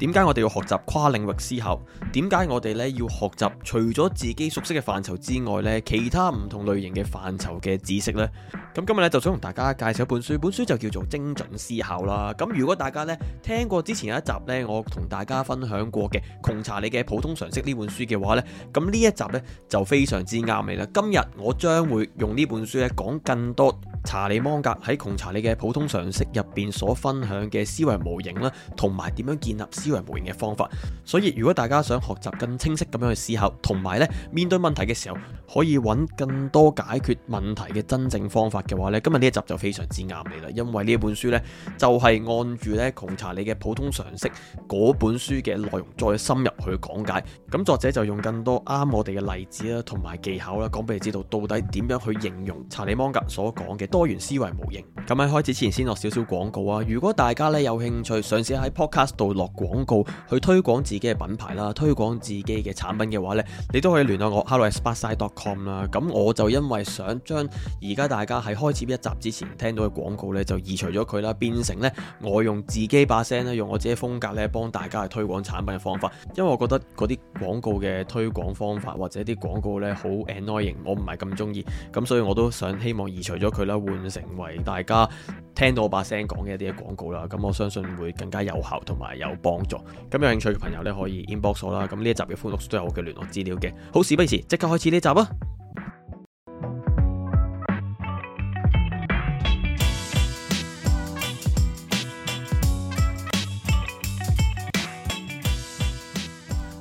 點解我哋要學習跨領域思考？點解我哋咧要學習除咗自己熟悉嘅範疇之外咧，其他唔同類型嘅範疇嘅知識呢？咁今日咧就想同大家介紹一本書，本書就叫做《精準思考》啦。咁如果大家咧聽過之前有一集咧，我同大家分享過嘅《窮查理嘅普通常識》呢本書嘅話咧，咁呢一集咧就非常之啱你啦。今日我將會用呢本書咧講更多查理芒格喺《窮查理嘅普通常識》入邊所分享嘅思維模型啦，同埋點樣建立思。思維模型嘅方法，所以如果大家想學習更清晰咁樣去思考，同埋咧面對問題嘅時候，可以揾更多解決問題嘅真正方法嘅話呢，今日呢一集就非常之啱你啦。因為呢一本書呢，就係按住咧窮查理嘅普通常識嗰本書嘅內容再深入去講解。咁作者就用更多啱我哋嘅例子啦，同埋技巧啦，講俾你知道到底點樣去應用查理芒格所講嘅多元思維模型。咁喺開始之前先落少少廣告啊！如果大家呢，有興趣嘗試喺 Podcast 度落廣。告去推廣自己嘅品牌啦，推廣自己嘅產品嘅話呢，你都可以聯絡我 hello@sparksine.com 啦。咁我就因為想將而家大家喺開始一集之前聽到嘅廣告呢，就移除咗佢啦，變成呢，我用自己把聲咧，用我自己風格呢，幫大家去推廣產品嘅方法。因為我覺得嗰啲廣告嘅推廣方法或者啲廣告呢，好 annoying，我唔係咁中意。咁所以我都想希望移除咗佢啦，換成為大家。聽到我把聲講嘅一啲嘅廣告啦，咁我相信會更加有效同埋有幫助。咁有興趣嘅朋友呢，可以 inbox 我啦。咁呢一集嘅歡樂都有我嘅聯絡資料嘅。好事不宜遲，即刻開始呢集啊！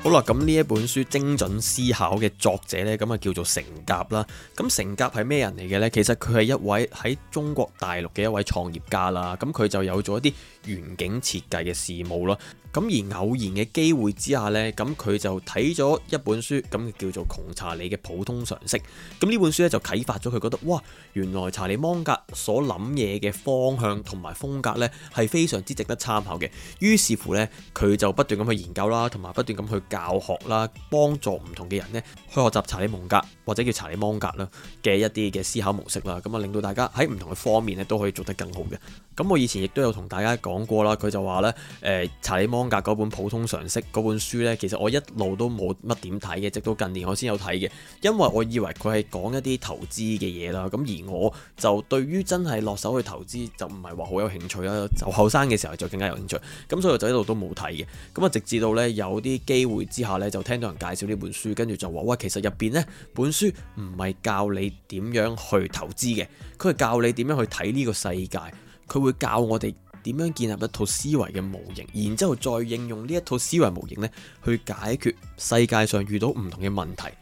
好啦，咁呢一本書《精準思考》嘅作者呢，咁啊叫做成甲啦。咁成甲係咩人嚟嘅呢？其實佢係一位喺中國大陸嘅一位創業家啦。咁佢就有咗一啲園景設計嘅事務啦，咁而偶然嘅機會之下呢，咁佢就睇咗一本書，咁叫做《窮查理嘅普通常識》。咁呢本書呢，就啟發咗佢，覺得哇，原來查理芒格所諗嘢嘅方向同埋風格呢，係非常之值得參考嘅。於是乎呢，佢就不斷咁去研究啦，同埋不斷咁去教學啦，幫助唔同嘅人呢去學習查理芒格或者叫查理芒格啦嘅一啲嘅思考模式啦。咁啊，令到大家喺唔同嘅方面呢，都可以做得更好嘅。咁我以前亦都有同大家講過啦，佢就話咧，誒、呃、查理芒格嗰本普通常識嗰本書呢，其實我一路都冇乜點睇嘅，直到近年我先有睇嘅，因為我以為佢係講一啲投資嘅嘢啦。咁而我就對於真係落手去投資就唔係話好有興趣啦。就後生嘅時候就更加有興趣，咁所以我就一路都冇睇嘅。咁啊，直至到呢，有啲機會之下呢，就聽到人介紹呢本書，跟住就話喂，其實入邊呢本書唔係教你點樣去投資嘅，佢係教你點樣去睇呢個世界，佢會教我哋。點樣建立一套思維嘅模型，然之後再應用呢一套思維模型呢，去解決世界上遇到唔同嘅問題。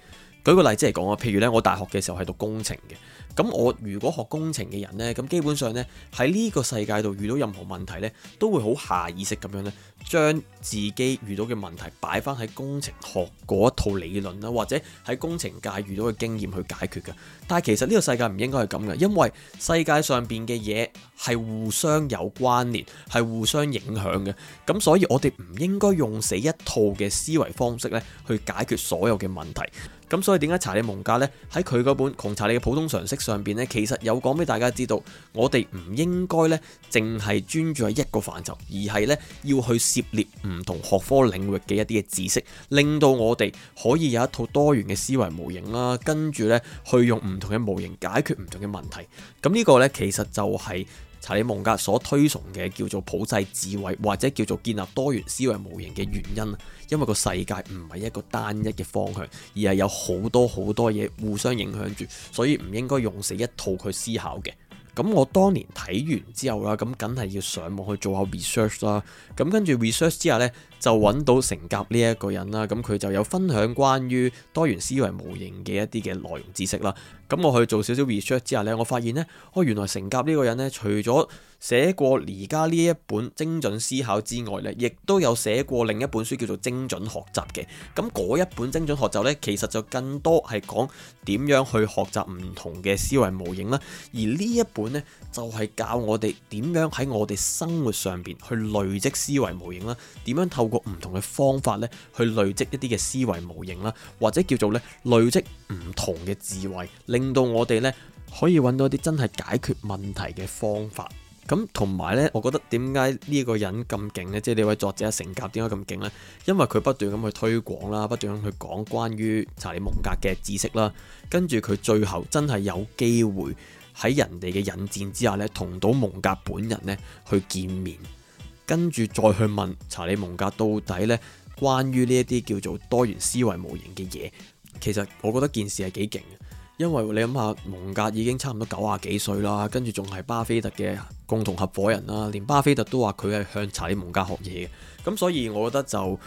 舉個例子嚟講啊，譬如咧，我大學嘅時候係讀工程嘅。咁我如果學工程嘅人呢，咁基本上呢，喺呢個世界度遇到任何問題呢，都會好下意識咁樣呢，將自己遇到嘅問題擺翻喺工程學嗰一套理論啦，或者喺工程界遇到嘅經驗去解決嘅。但係其實呢個世界唔應該係咁嘅，因為世界上邊嘅嘢係互相有關聯，係互相影響嘅。咁所以我哋唔應該用死一套嘅思維方式呢，去解決所有嘅問題。咁所以點解查理蒙格呢？喺佢嗰本《窮查理嘅普通常識》上邊呢，其實有講俾大家知道，我哋唔應該呢，淨係專注喺一個範疇，而係呢，要去涉獵唔同學科領域嘅一啲嘅知識，令到我哋可以有一套多元嘅思維模型啦、啊，跟住呢，去用唔同嘅模型解決唔同嘅問題。咁呢個呢，其實就係、是，查理蒙格所推崇嘅叫做普世智慧，或者叫做建立多元思維模型嘅原因，因為個世界唔係一個單一嘅方向，而係有好多好多嘢互相影響住，所以唔應該用死一套去思考嘅。咁我當年睇完之後啦，咁梗係要上網去做下 research 啦。咁跟住 research 之後咧，就揾到成甲呢一個人啦。咁佢就有分享關於多元思維模型嘅一啲嘅內容知識啦。咁我去做少少 research 之後咧，我發現咧，哦，原來成甲呢個人咧，除咗寫過而家呢一本《精準思考》之外咧，亦都有寫過另一本書叫做《精準學習》嘅。咁嗰一本《精準學習》咧，其實就更多係講點樣去學習唔同嘅思維模型啦。而呢一本咧，就係、是、教我哋點樣喺我哋生活上邊去累積思維模型啦。點樣透過唔同嘅方法咧，去累積一啲嘅思維模型啦，或者叫做咧，累積唔同嘅智慧。令到我哋呢，可以揾到啲真係解決問題嘅方法。咁同埋呢，我覺得點解呢個人咁勁呢？即係呢位作者成甲點解咁勁呢？因為佢不斷咁去推廣啦，不斷咁去講關於查理蒙格嘅知識啦。跟住佢最後真係有機會喺人哋嘅引薦之下呢，同到蒙格本人呢去見面，跟住再去問查理蒙格到底呢，關於呢一啲叫做多元思維模型嘅嘢，其實我覺得件事係幾勁。因為你諗下，蒙格已經差唔多九十幾歲啦，跟住仲係巴菲特嘅共同合伙人啦，連巴菲特都話佢係向查理蒙格學嘢嘅，咁所以我覺得就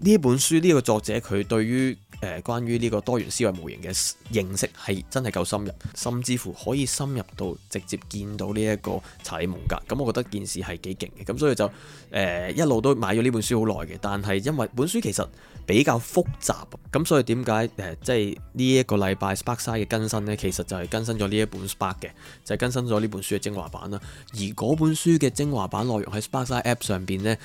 呢本書呢個作者佢對於。誒，關於呢個多元思維模型嘅認識係真係夠深入，甚至乎可以深入到直接見到呢一個查理蒙格。咁我覺得件事係幾勁嘅，咁所以就誒、呃、一路都買咗呢本書好耐嘅。但係因為本書其實比較複雜，咁所以點解誒即係呢一個禮拜 Sparksine 嘅更新呢，其實就係更新咗呢一本 Spark 嘅，就係、是、更新咗呢本書嘅精華版啦。而嗰本書嘅精華版內容喺 Sparksine App 上邊呢。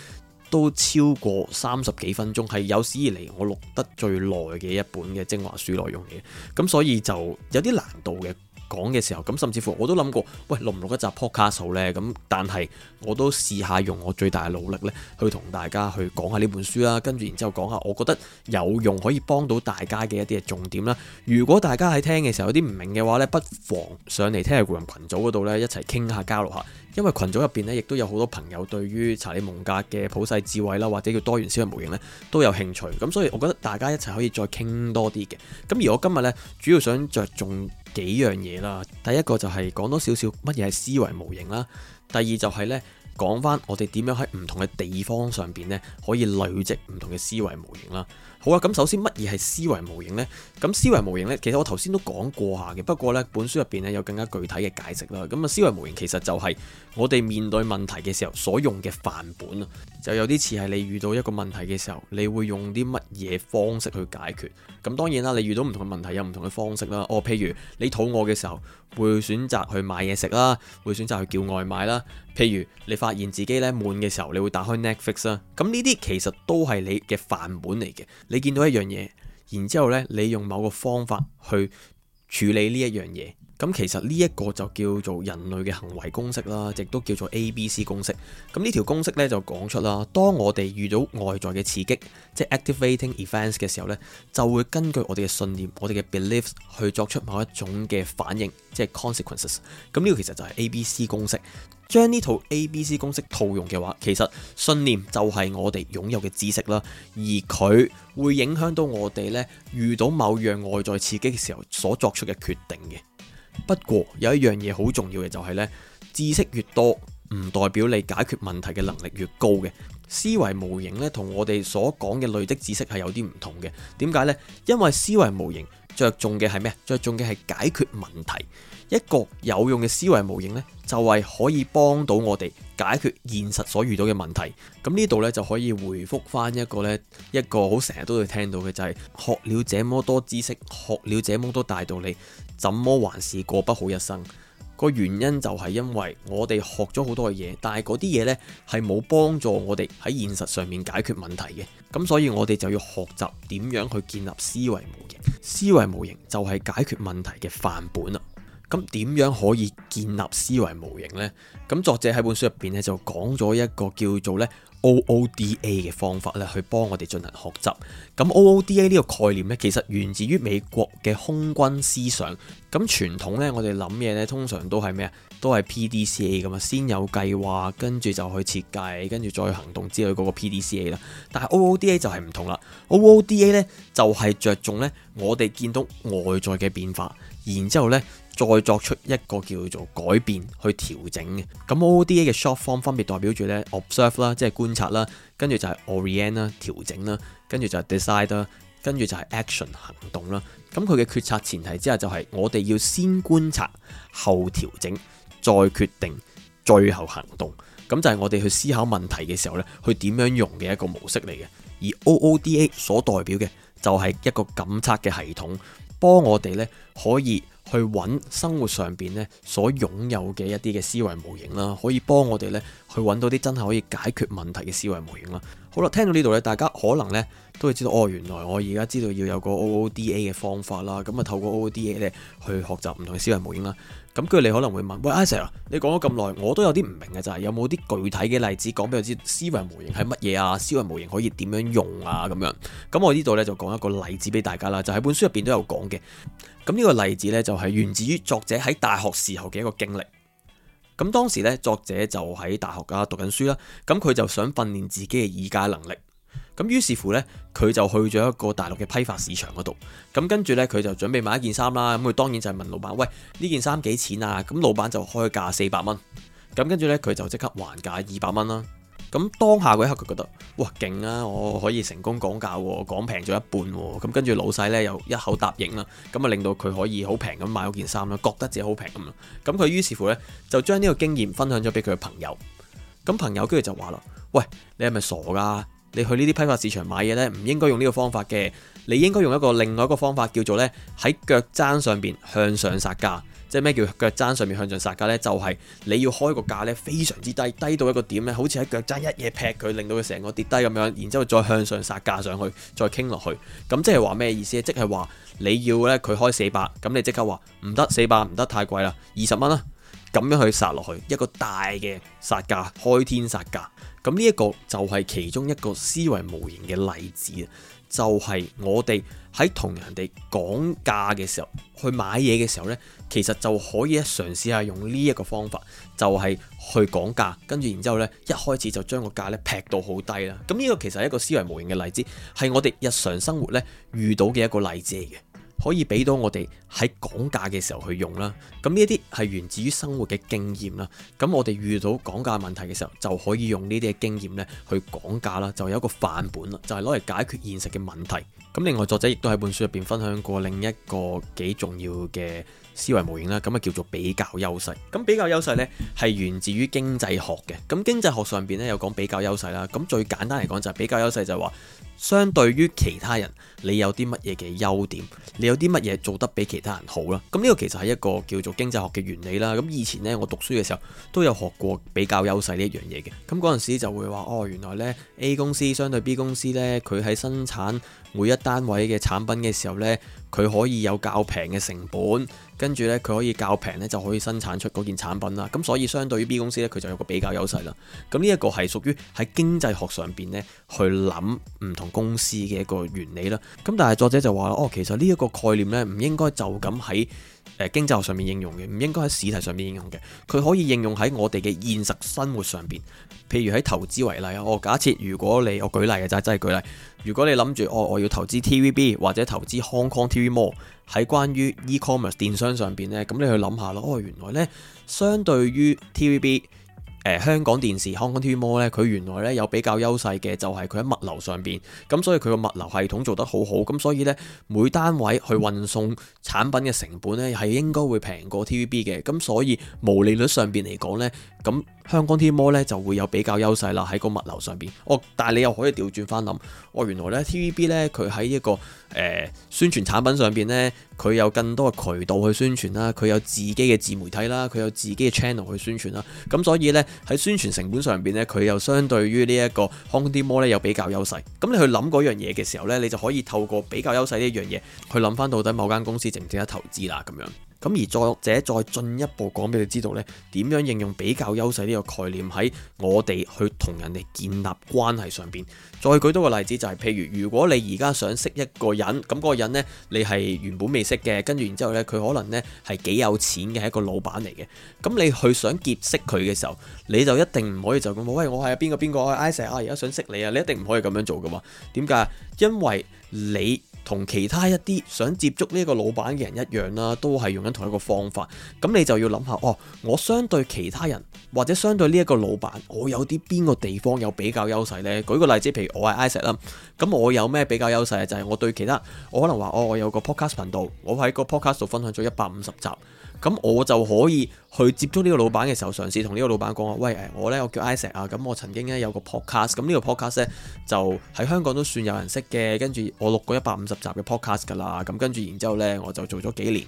都超過三十幾分鐘，係有史以嚟我錄得最耐嘅一本嘅精華書內容嘅。咁所以就有啲難度嘅。講嘅時候，咁甚至乎我都諗過，喂，錄唔錄一集 podcast 咧？咁但係我都試下用我最大嘅努力呢去同大家去講下呢本書啦。跟住然之後講下，我覺得有用可以幫到大家嘅一啲重點啦。如果大家喺聽嘅時候有啲唔明嘅話呢，不妨上嚟聽下顧問群組嗰度呢，一齊傾下交流下，因為群組入邊呢，亦都有好多朋友對於查理蒙格嘅普世智慧啦，或者叫多元思維模型呢，都有興趣。咁所以，我覺得大家一齊可以再傾多啲嘅。咁而我今日呢，主要想着重，幾樣嘢啦，第一個就係講多少少乜嘢係思維模型啦，第二就係呢，講返我哋點樣喺唔同嘅地方上邊呢，可以累積唔同嘅思維模型啦。好啊，咁首先乜嘢係思維模型呢？咁思維模型呢，其實我頭先都講過下嘅，不過呢，本書入邊呢有更加具體嘅解釋啦。咁啊，思維模型其實就係我哋面對問題嘅時候所用嘅範本啊，就有啲似係你遇到一個問題嘅時候，你會用啲乜嘢方式去解決？咁當然啦，你遇到唔同嘅問題有唔同嘅方式啦。哦，譬如你肚餓嘅時候，會選擇去買嘢食啦，會選擇去叫外賣啦。譬如你發現自己呢悶嘅時候，你會打開 Netflix 啦。咁呢啲其實都係你嘅範本嚟嘅。你見到一樣嘢，然之後咧，你用某個方法去處理呢一樣嘢，咁其實呢一個就叫做人類嘅行為公式啦，亦都叫做 ABC 公式。咁呢條公式咧就講出啦，當我哋遇到外在嘅刺激，即係 Activating Events 嘅時候咧，就會根據我哋嘅信念、我哋嘅 beliefs 去作出某一種嘅反應，即係 consequences。咁呢個其實就係 ABC 公式。將呢套 A、B、C 公式套用嘅話，其實信念就係我哋擁有嘅知識啦，而佢會影響到我哋呢遇到某樣外在刺激嘅時候所作出嘅決定嘅。不過有一樣嘢好重要嘅就係呢：知識越多唔代表你解決問題嘅能力越高嘅。思維模型呢，同我哋所講嘅累積知識係有啲唔同嘅。點解呢？因為思維模型，着重嘅係咩？着重嘅係解決問題。一個有用嘅思維模型呢，就係可以幫到我哋解決現實所遇到嘅問題。咁呢度呢，就可以回復翻一個呢，一個好成日都會聽到嘅，就係學了這麼多知識，學了這麼多大道理，怎麼還是過不好一生？個原因就係因為我哋學咗好多嘅嘢，但係嗰啲嘢呢，係冇幫助我哋喺現實上面解決問題嘅。咁所以我哋就要學習點樣去建立思維模型。思維模型就係、是、解決問題嘅範本啦。咁點樣可以建立思維模型呢？咁作者喺本書入邊咧就講咗一個叫做咧 OODA 嘅方法咧，去幫我哋進行學習。咁 OODA 呢個概念咧，其實源自於美國嘅空軍思想。咁傳統咧，我哋諗嘢咧，通常都係咩啊？都係 PDCA 咁啊，先有計劃，跟住就去設計，跟住再行動，之類嗰個 PDCA 啦。但係 OODA 就係唔同啦。OODA 咧就係着重咧，我哋見到外在嘅變化，然之後咧。再作出一個叫做改變去調整嘅。咁 O O D A 嘅 short form 分別代表住呢 observe 啦，Obs erve, 即係觀察啦，跟住就係 orient 啦，調整啦，跟住就係 decide 啦，跟住就係 action 行動啦。咁佢嘅決策前提之下就係我哋要先觀察後調整，再決定最後行動。咁就係我哋去思考問題嘅時候呢，去點樣用嘅一個模式嚟嘅。而 O O D A 所代表嘅就係一個檢測嘅系統，幫我哋呢可以。去揾生活上邊呢所擁有嘅一啲嘅思維模型啦，可以幫我哋呢去揾到啲真係可以解決問題嘅思維模型啦。好啦，聽到呢度呢，大家可能呢都會知道，哦，原來我而家知道要有個 OODA 嘅方法啦，咁啊透過 OODA 呢去學習唔同嘅思維模型啦。咁跟住你可能會問：喂，Isla，你講咗咁耐，我都有啲唔明嘅，就係有冇啲具體嘅例子講俾我知思維？思維模型係乜嘢啊？思維模型可以點樣用啊？咁樣咁我呢度呢，就講一個例子俾大家啦，就喺本書入邊都有講嘅。咁呢個例子呢，就係、是、源自於作者喺大學時候嘅一個經歷。咁當時呢，作者就喺大學啊讀緊書啦，咁佢就想訓練自己嘅議解能力。咁於是乎呢，佢就去咗一個大陸嘅批發市場嗰度。咁跟住呢，佢就準備買一件衫啦。咁、嗯、佢當然就係問老闆：喂，呢件衫幾錢啊？咁、嗯、老闆就開價四百蚊。咁跟住呢，佢就即刻還價二百蚊啦。咁、嗯、當下嗰一刻，佢覺得哇勁啊！我可以成功講價啊，講平咗一半啊。咁、嗯、跟住老細呢又一口答應啦啊。咁、嗯、啊，令到佢可以好平咁買咗件衫啦，覺得自己好平咁。咁佢於是乎呢，就將呢個經驗分享咗俾佢嘅朋友。咁、嗯、朋友跟住就話啦：喂，你係咪傻㗎？你去呢啲批發市場買嘢呢，唔應該用呢個方法嘅。你應該用一個另外一個方法，叫做呢：喺腳踭上邊向上殺價，即係咩叫腳踭上面向上殺價呢？就係你要開個價呢，非常之低，低到一個點呢，好似喺腳踭一嘢劈佢，令到佢成個跌低咁樣，然之後再向上殺價上去，再傾落去。咁即係話咩意思？即係話你要呢，佢開四百，咁你即刻話唔得四百，唔得太貴啦，二十蚊啦。咁樣去殺落去一個大嘅殺價，開天殺價。咁呢一個就係其中一個思維模型嘅例子。就係我哋喺同人哋講價嘅時候，去買嘢嘅時候呢，其實就可以嘗試下用呢一個方法，就係去講價，跟住然之後呢，一開始就將個價呢劈到好低啦。咁呢個其實係一個思維模型嘅例子，係我哋日常生活呢遇到嘅一個例子嚟嘅。可以俾到我哋喺講價嘅時候去用啦，咁呢啲係源自於生活嘅經驗啦，咁我哋遇到講價問題嘅時候就可以用呢啲嘅經驗咧去講價啦，就有一個範本啦，就係攞嚟解決現實嘅問題。咁另外作者亦都喺本書入邊分享過另一個幾重要嘅思維模型啦，咁啊叫做比較優勢。咁比較優勢呢，係源自於經濟學嘅。咁經濟學上邊呢，有講比較優勢啦。咁最簡單嚟講就係比較優勢，就係話相對於其他人，你有啲乜嘢嘅優點？你有啲乜嘢做得比其他人好啦？咁呢個其實係一個叫做經濟學嘅原理啦。咁以前呢，我讀書嘅時候都有學過比較優勢呢一樣嘢嘅。咁嗰陣時就會話，哦，原來呢 A 公司相對 B 公司呢，佢喺生產。每一單位嘅產品嘅時候呢，佢可以有較平嘅成本，跟住呢，佢可以較平呢就可以生產出嗰件產品啦。咁所以相對於 B 公司呢，佢就有個比較優勢啦。咁呢一個係屬於喺經濟學上邊呢去諗唔同公司嘅一個原理啦。咁但係作者就話：哦，其實呢一個概念呢，唔應該就咁喺誒經濟學上面應用嘅，唔應該喺試題上面應用嘅。佢可以應用喺我哋嘅現實生活上邊，譬如喺投資為例啊。我、哦、假設如果你我舉例嘅就係，真係舉例。如果你諗住哦，我要投資 TVB 或者投資 Hong Kong TV Mall 喺關於 e-commerce 電商上邊呢，咁你去諗下咯。哦，原來呢，相對於 TVB。呃、香港電視，香港 TVmall 咧，佢原來咧有比較優勢嘅，就係佢喺物流上邊，咁所以佢個物流系統做得好好，咁所以呢，每單位去運送產品嘅成本呢，係應該會平過 TVB 嘅，咁所以毛利率上邊嚟講呢。咁香港天魔咧就會有比較優勢啦，喺個物流上邊。哦，但係你又可以調轉翻諗，哦原來咧 TVB 咧佢喺一個誒、呃、宣傳產品上邊咧，佢有更多嘅渠道去宣傳啦，佢有自己嘅自媒體啦，佢有自己嘅 channel 去宣傳啦。咁所以咧喺宣傳成本上邊咧，佢又相對於呢一個香港天魔咧有比較優勢。咁你去諗嗰樣嘢嘅時候咧，你就可以透過比較優勢呢一樣嘢去諗翻到底某間公司值唔值得投資啦，咁樣。咁而作者再進一步講俾你知道呢點樣應用比較優勢呢個概念喺我哋去同人哋建立關係上邊。再舉多個例子，就是，就係譬如，如果你而家想識一個人，咁嗰人呢你係原本未識嘅，跟住然之後呢佢可能呢係幾有錢嘅，一個老闆嚟嘅。咁你去想結識佢嘅時候，你就一定唔可以就咁話，喂，我係邊個邊個我係 say 啊，而家想識你啊，你一定唔可以咁樣做嘅喎。點解？因為你。同其他一啲想接觸呢一個老闆嘅人一樣啦，都係用緊同一個方法。咁你就要諗下，哦，我相對其他人或者相對呢一個老闆，我有啲邊個地方有比較優勢呢？舉個例子，譬如我係 Isaac 啦，咁我有咩比較優勢啊？就係我對其他，我可能話，哦，我有個 podcast 頻道，我喺個 podcast 度分享咗一百五十集。咁我就可以去接觸呢個老闆嘅時候，嘗試同呢個老闆講啊，喂誒，我呢，我叫 Isaac 啊，咁我曾經咧，有個 podcast，咁呢個 podcast 咧就喺香港都算有人識嘅，跟住我錄過一百五十集嘅 podcast 㗎啦，咁跟住然之後呢，我就做咗幾年。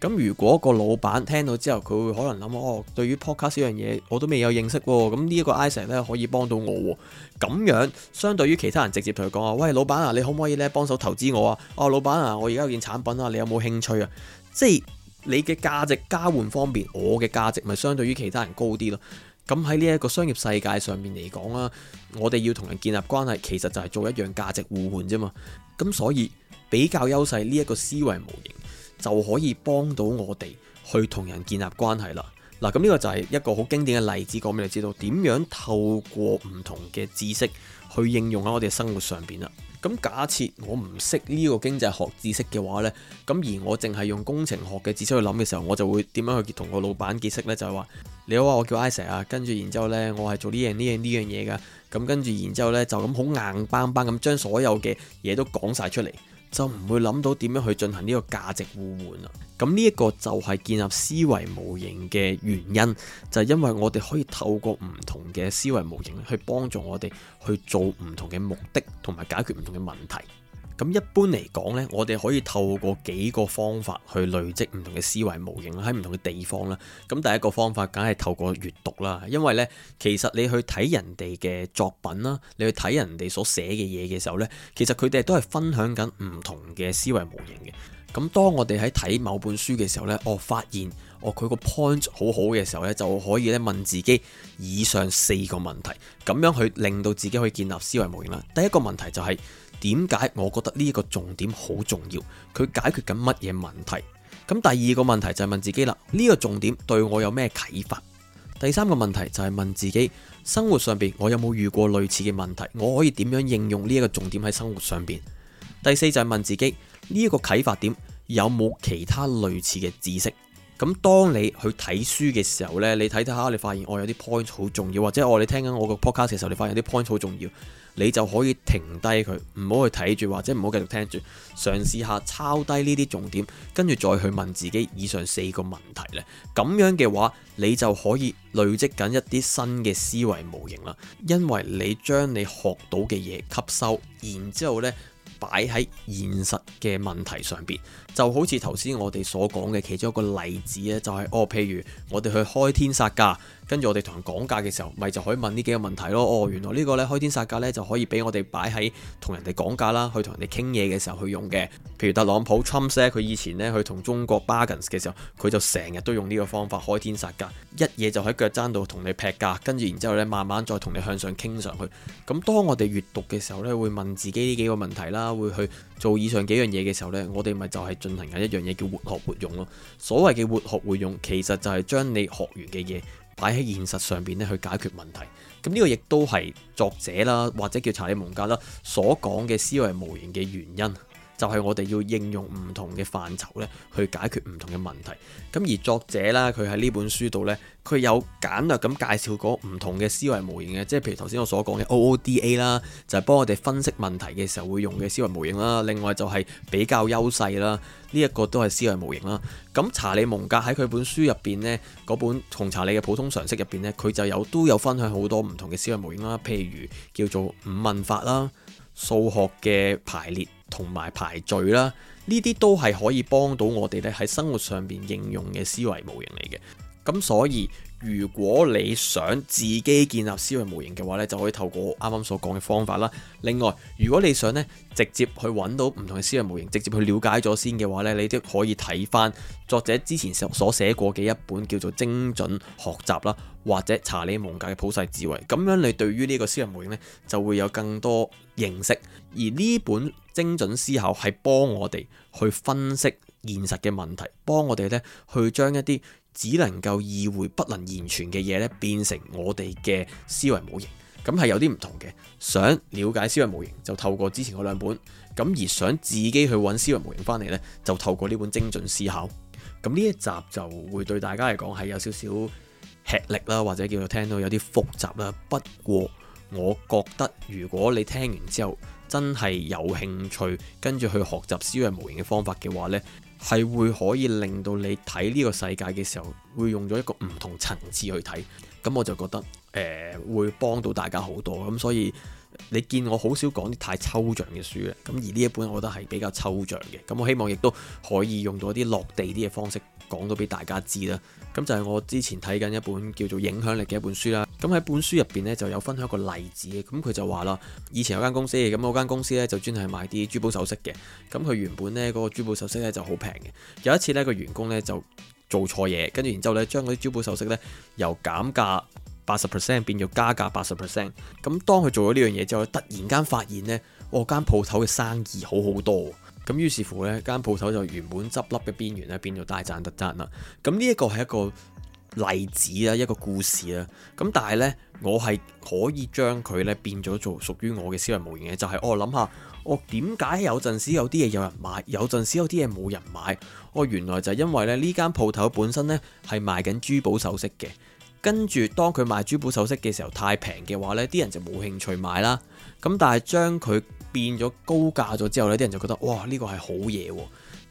咁、嗯、如果個老闆聽到之後，佢會可能諗哦，對於 podcast 呢樣嘢我都未有認識喎，咁呢一個 Isaac 呢，可以幫到我喎，咁樣相對於其他人直接同佢講啊，喂老闆啊，你可唔可以呢？幫手投資我啊？哦，老闆啊，我而家有件產品啊，你有冇興趣啊？即係。你嘅價值交換方面，我嘅價值咪相對於其他人高啲咯？咁喺呢一個商業世界上面嚟講啊，我哋要同人建立關係，其實就係做一樣價值互換啫嘛。咁所以比較優勢呢一個思維模型就可以幫到我哋去同人建立關係啦。嗱，咁呢個就係一個好經典嘅例子，講俾你知道點樣透過唔同嘅知識去應用喺我哋生活上面啦。咁假設我唔識呢個經濟學知識嘅話呢，咁而我淨係用工程學嘅知識去諗嘅時候，我就會點樣去同個老闆結識呢？就係話你好啊，我叫 Isa 啊，跟住然之後呢，我係做呢樣呢樣呢樣嘢噶，咁跟住然之後呢，就咁好硬邦邦咁將所有嘅嘢都講晒出嚟。就唔會諗到點樣去進行呢個價值互換啦。咁呢一個就係建立思維模型嘅原因，就係因為我哋可以透過唔同嘅思維模型去幫助我哋去做唔同嘅目的，同埋解決唔同嘅問題。咁一般嚟講呢，我哋可以透過幾個方法去累積唔同嘅思維模型喺唔同嘅地方啦。咁第一個方法梗係透過閲讀啦，因為呢，其實你去睇人哋嘅作品啦，你去睇人哋所寫嘅嘢嘅時候呢，其實佢哋都係分享緊唔同嘅思維模型嘅。咁當我哋喺睇某本書嘅時候呢，我、哦、發現哦佢個 point 好好嘅時候呢，就可以咧問自己以上四個問題，咁樣去令到自己去建立思維模型啦。第一個問題就係、是。點解我覺得呢一個重點好重要？佢解決緊乜嘢問題？咁第二個問題就係問自己啦，呢個重點對我有咩啟發？第三個問題就係問自己，生活上邊我有冇遇過類似嘅問題？我可以點樣應用呢一個重點喺生活上邊？第四就係問自己，呢一個啟發點有冇其他類似嘅知識？咁當你去睇書嘅時候呢，你睇睇下，你發現我有啲 point 好重要，或者我哋聽緊我個 podcast 嘅時候，你發現啲 point 好重要。你就可以停低佢，唔好去睇住或者唔好繼續聽住，嘗試下抄低呢啲重點，跟住再去問自己以上四個問題呢。咁樣嘅話，你就可以累積緊一啲新嘅思維模型啦。因為你將你學到嘅嘢吸收，然之後呢，擺喺現實嘅問題上邊。就好似頭先我哋所講嘅其中一個例子咧、就是，就係哦，譬如我哋去開天殺價，跟住我哋同人講價嘅時候，咪就，就可以問呢幾個問題咯。哦，原來個呢個咧開天殺價咧就可以俾我哋擺喺同人哋講價啦，去同人哋傾嘢嘅時候去用嘅。譬如特朗普 Trump 咧，佢以前咧去同中國 bargains 嘅時候，佢就成日都用呢個方法開天殺價，一嘢就喺腳踭度同你劈價，跟住然之後咧慢慢再同你向上傾上去。咁當我哋閲讀嘅時候咧，會問自己呢幾個問題啦，會去做以上幾樣嘢嘅時候咧，我哋咪就係、就是。進行嘅一樣嘢叫活學活用咯。所謂嘅活學活用，其實就係將你學完嘅嘢擺喺現實上邊咧去解決問題。咁呢個亦都係作者啦，或者叫查理蒙格啦所講嘅思維模型嘅原因。就係我哋要應用唔同嘅範疇咧，去解決唔同嘅問題。咁而作者啦，佢喺呢本書度呢，佢有簡略咁介紹過唔同嘅思維模型嘅，即係譬如頭先我所講嘅 OODA 啦，就係、是、幫我哋分析問題嘅時候會用嘅思維模型啦。另外就係比較優勢啦，呢、這、一個都係思維模型啦。咁查理蒙格喺佢本書入邊呢，嗰本《窮查理嘅普通常識》入邊呢，佢就有都有分享好多唔同嘅思維模型啦，譬如叫做五問法啦。數學嘅排列同埋排序啦，呢啲都係可以幫到我哋咧，喺生活上邊應用嘅思維模型嚟嘅，咁所以。如果你想自己建立思維模型嘅話，呢就可以透過啱啱所講嘅方法啦。另外，如果你想呢直接去揾到唔同嘅思維模型，直接去了解咗先嘅話，呢你都可以睇翻作者之前所，所寫過嘅一本叫做《精準學習》啦，或者查理蒙格嘅《普世智慧》。咁樣你對於呢個思維模型呢就會有更多認識。而呢本《精準思考》係幫我哋去分析現實嘅問題，幫我哋呢去將一啲。只能夠意會不能言傳嘅嘢咧，變成我哋嘅思維模型，咁係有啲唔同嘅。想了解思維模型，就透過之前嗰兩本；咁而想自己去揾思維模型翻嚟呢，就透過呢本精準思考。咁呢一集就會對大家嚟講係有少少吃力啦，或者叫做聽到有啲複雜啦。不過，我覺得如果你聽完之後真係有興趣，跟住去學習思維模型嘅方法嘅話呢。係會可以令到你睇呢個世界嘅時候，會用咗一個唔同層次去睇，咁我就覺得誒、呃、會幫到大家好多，咁所以你見我好少講啲太抽象嘅書咧，咁而呢一本我覺得係比較抽象嘅，咁我希望亦都可以用到啲落地啲嘅方式講到俾大家知啦，咁就係我之前睇緊一本叫做《影響力》嘅一本書啦。咁喺本書入邊咧就有分享一個例子，咁佢就話啦，以前有間公司，咁嗰間公司咧就專係賣啲珠寶首飾嘅，咁佢原本咧嗰個珠寶首飾咧就好平嘅，有一次咧個員工咧就做錯嘢，跟住然之後咧將嗰啲珠寶首飾咧由減價八十 percent 變咗加價八十 percent，咁當佢做咗呢樣嘢之後咧，突然間發現咧，我間鋪頭嘅生意好好多，咁於是乎咧間鋪頭就原本執笠嘅邊緣咧變咗大賺特賺啦，咁呢一個係一個。例子啊，一個故事啊，咁但係呢，我係可以將佢呢變咗做屬於我嘅思維模型嘅，就係、是、我諗下，我點解有陣時有啲嘢有人買，有陣時有啲嘢冇人買？我、哦、原來就係因為呢呢間鋪頭本身呢係賣緊珠寶首飾嘅，跟住當佢賣珠寶首飾嘅時候太平嘅話呢，啲人就冇興趣買啦。咁但係將佢變咗高價咗之後呢，啲人就覺得哇呢、這個係好嘢喎。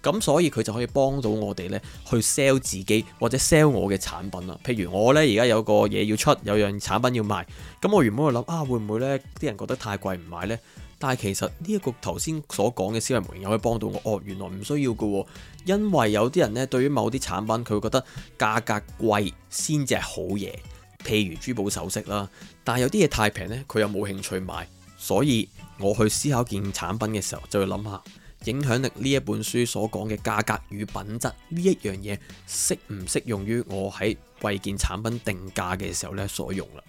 咁所以佢就可以幫到我哋呢去 sell 自己或者 sell 我嘅產品啦。譬如我呢而家有個嘢要出，有樣產品要賣。咁我原本去諗啊，會唔會呢啲人覺得太貴唔買呢？但係其實呢一個頭先所講嘅消費模型又可以幫到我。哦，原來唔需要㗎喎，因為有啲人呢對於某啲產品佢會覺得價格貴先至係好嘢，譬如珠寶首飾啦。但係有啲嘢太平呢，佢又冇興趣買。所以我去思考件產品嘅時候，就要諗下。影響力呢一本書所講嘅價格與品質呢一樣嘢，適唔適用於我喺貴件產品定價嘅時候呢所用啦，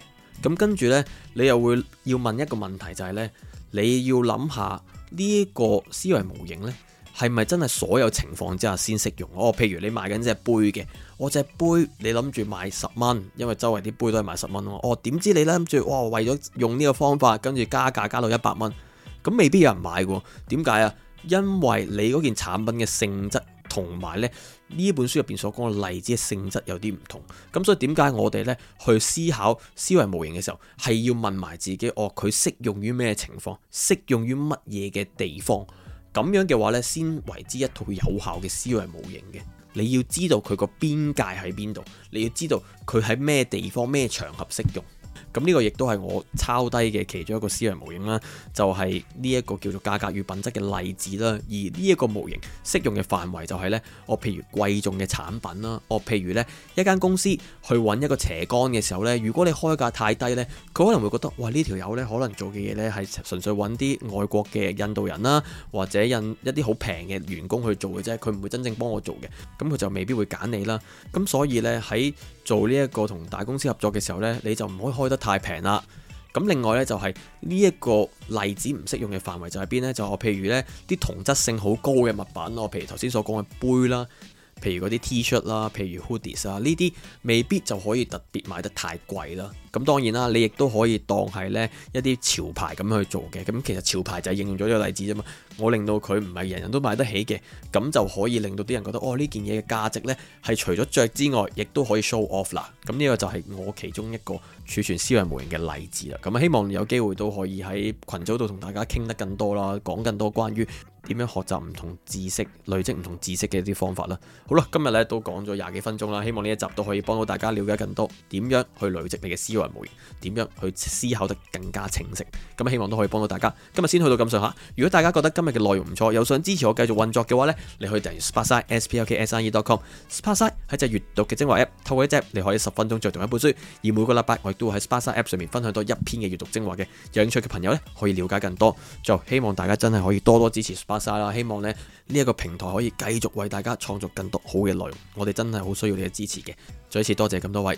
咁跟住呢，你又會要問一個問題，就係呢：你要諗下呢個思維模型呢，係咪真係所有情況之下先適用？哦，譬如你賣緊隻杯嘅，我隻杯你諗住賣十蚊，因為周圍啲杯都係賣十蚊咯。哦，點知你諗住哇，為咗用呢個方法，跟住加價加到一百蚊，咁未必有人買嘅，點解啊？因為你嗰件產品嘅性質，同埋呢呢本書入邊所講嘅例子嘅性質有啲唔同，咁所以點解我哋呢去思考思維模型嘅時候，係要問埋自己，哦佢適用於咩情況，適用於乜嘢嘅地方？咁樣嘅話呢，先為之一套有效嘅思維模型嘅。你要知道佢個邊界喺邊度，你要知道佢喺咩地方、咩場合適用。咁呢個亦都係我抄低嘅其中一個思維模型啦，就係呢一個叫做價格與品質嘅例子啦。而呢一個模型適用嘅範圍就係呢：我譬如貴重嘅產品啦，我譬如呢一間公司去揾一個斜槓嘅時候呢，如果你開價太低呢，佢可能會覺得哇呢條友呢，可能做嘅嘢呢係純粹揾啲外國嘅印度人啦，或者印一啲好平嘅員工去做嘅啫，佢唔會真正幫我做嘅，咁佢就未必會揀你啦。咁所以呢，喺做呢、這、一個同大公司合作嘅時候呢，你就唔可以開得太平啦。咁另外呢，就係呢一個例子唔適用嘅範圍就喺邊呢？就是、譬如呢啲同質性好高嘅物品咯，譬如頭先所講嘅杯啦，譬如嗰啲 T-shirt 啦，shirt，譬如 hoodies 啊，呢啲未必就可以特別買得太貴啦。咁當然啦，你亦都可以當係呢一啲潮牌咁去做嘅。咁其實潮牌就係應用咗呢個例子啫嘛。我令到佢唔係人人都買得起嘅，咁就可以令到啲人覺得哦呢件嘢嘅價值呢，係除咗着之外，亦都可以 show off 啦。咁呢個就係我其中一個儲存思維模型嘅例子啦。咁希望有機會都可以喺群組度同大家傾得更多啦，講更多關於點樣學習唔同知識、累積唔同知識嘅一啲方法啦。好啦，今日呢都講咗廿幾分鐘啦，希望呢一集都可以幫到大家了解更多點樣去累積你嘅思。點樣去思考得更加清晰？咁希望都可以幫到大家。今日先去到咁上下。如果大家覺得今日嘅內容唔錯，又想支持我繼續運作嘅話呢，你可以訂閱 Sparksine、sparksine.com、Sparksine 喺隻閱讀嘅精華 App。透過一隻，你可以十分鐘就讀一本書。而每個禮拜我亦都會喺 Sparksine App 上面分享多一篇嘅閱讀精華嘅。有興趣嘅朋友呢可以了解更多。就希望大家真係可以多多支持 Sparksine 啦。希望咧，呢一個平台可以繼續為大家創作更多好嘅內容。我哋真係好需要你嘅支持嘅。再一次多謝咁多位。